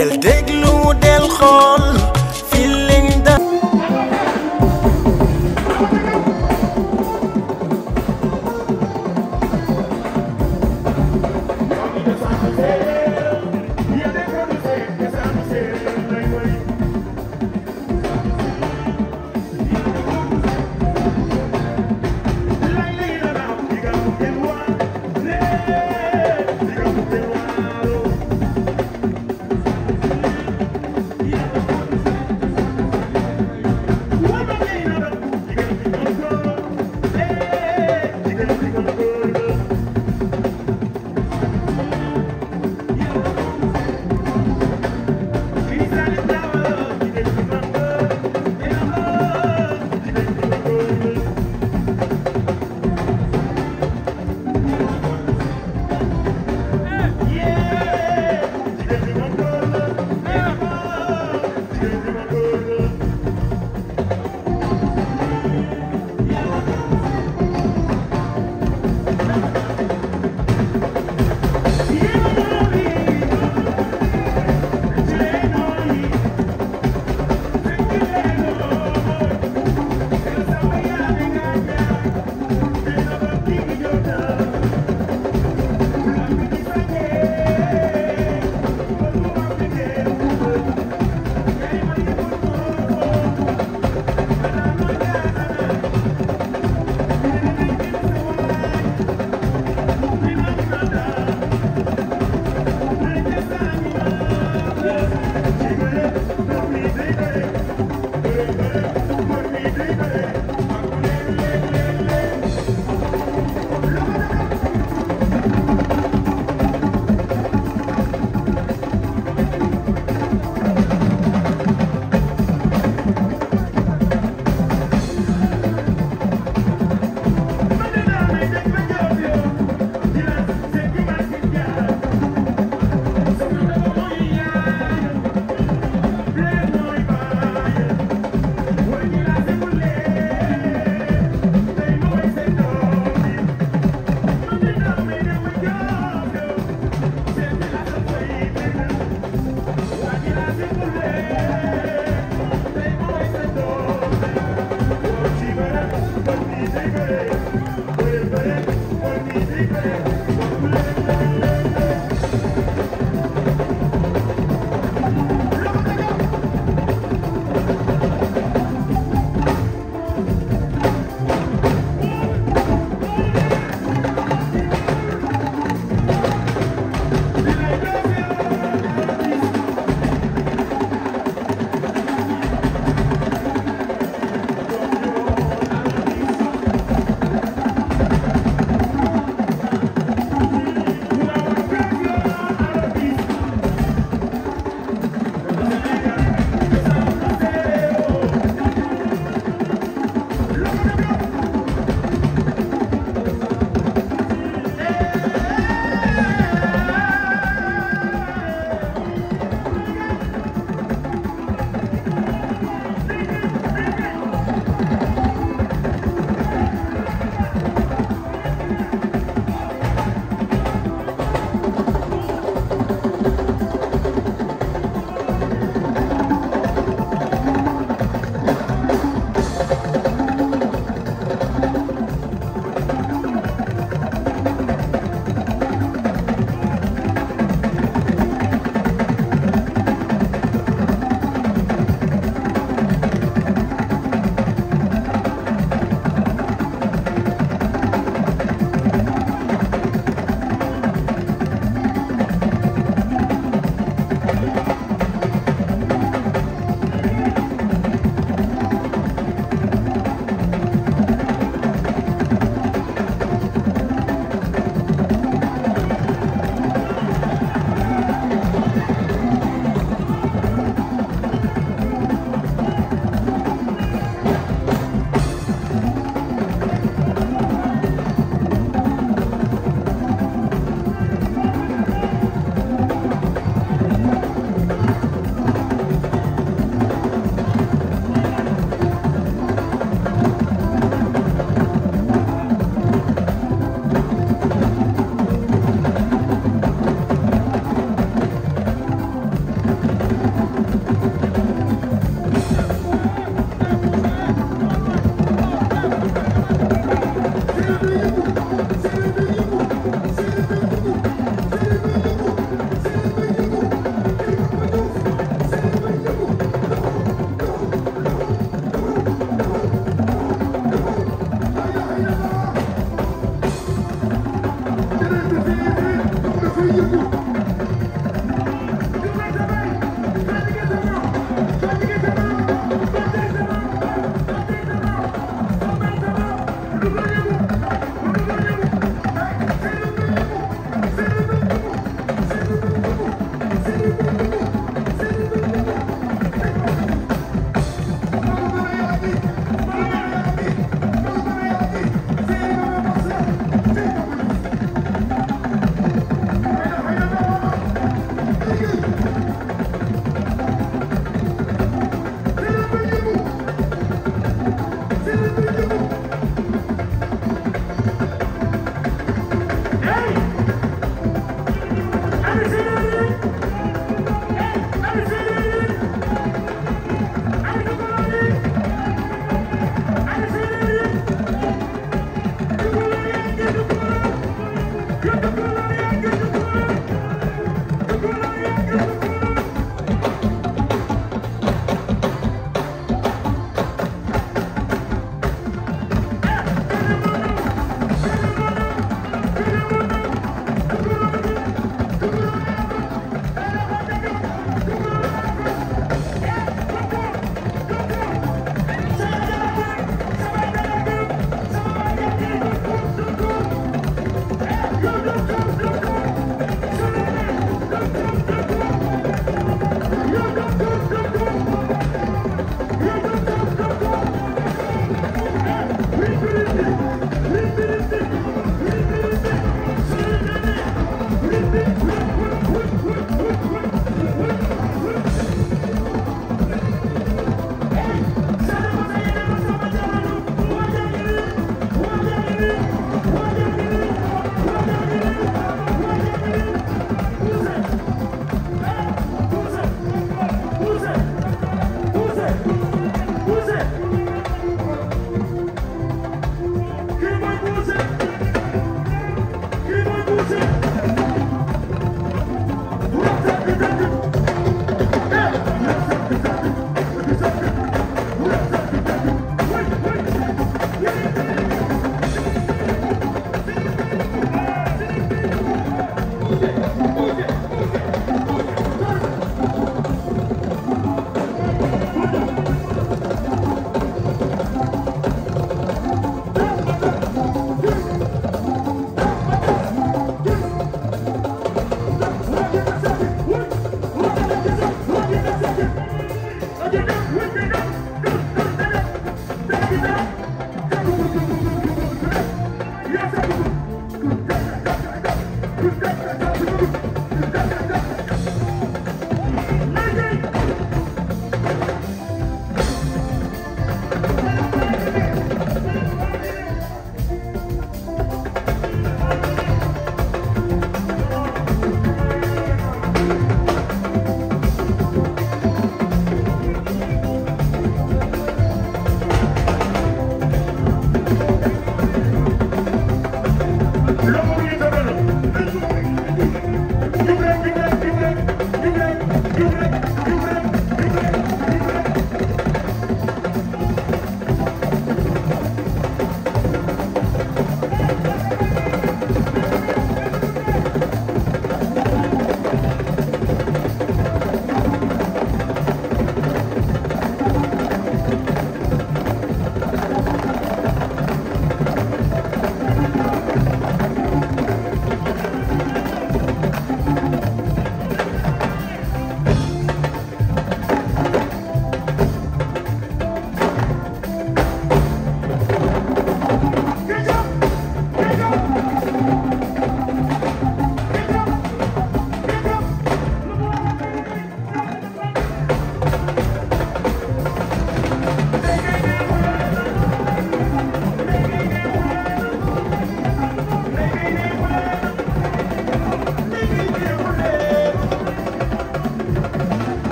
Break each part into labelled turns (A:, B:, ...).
A: del déglu del xool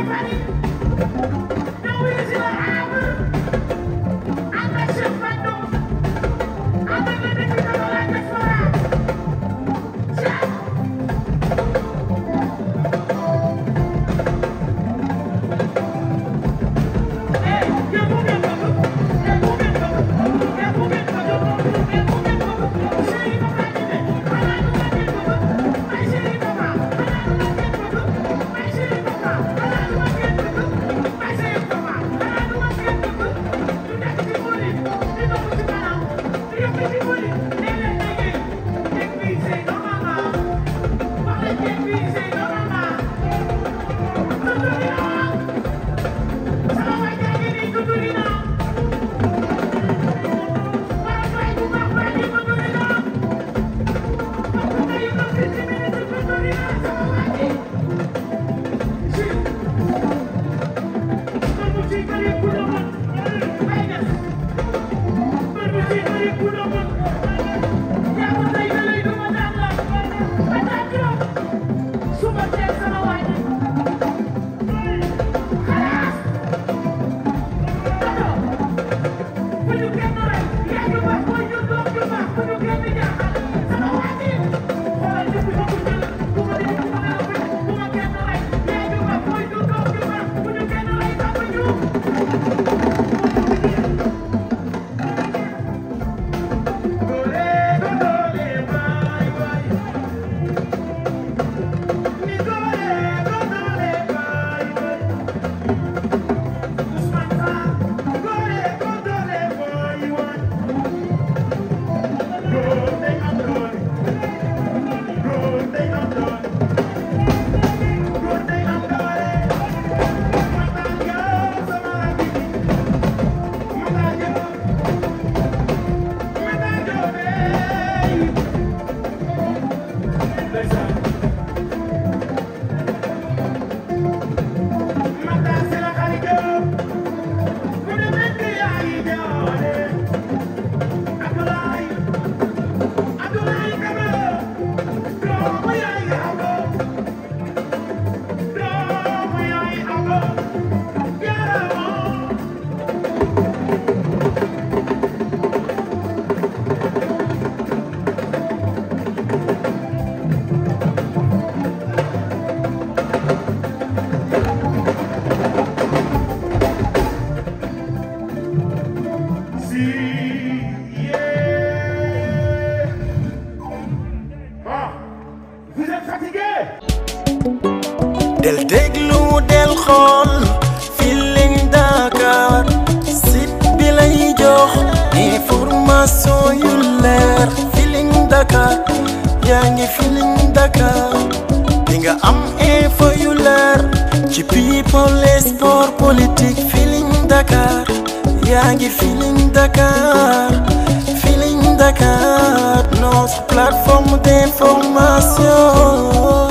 B: Thank you.
A: people les sport politique Feeling Dakar yaa ngi Feeling Dakar Feeling Dakar notre plateforme d'information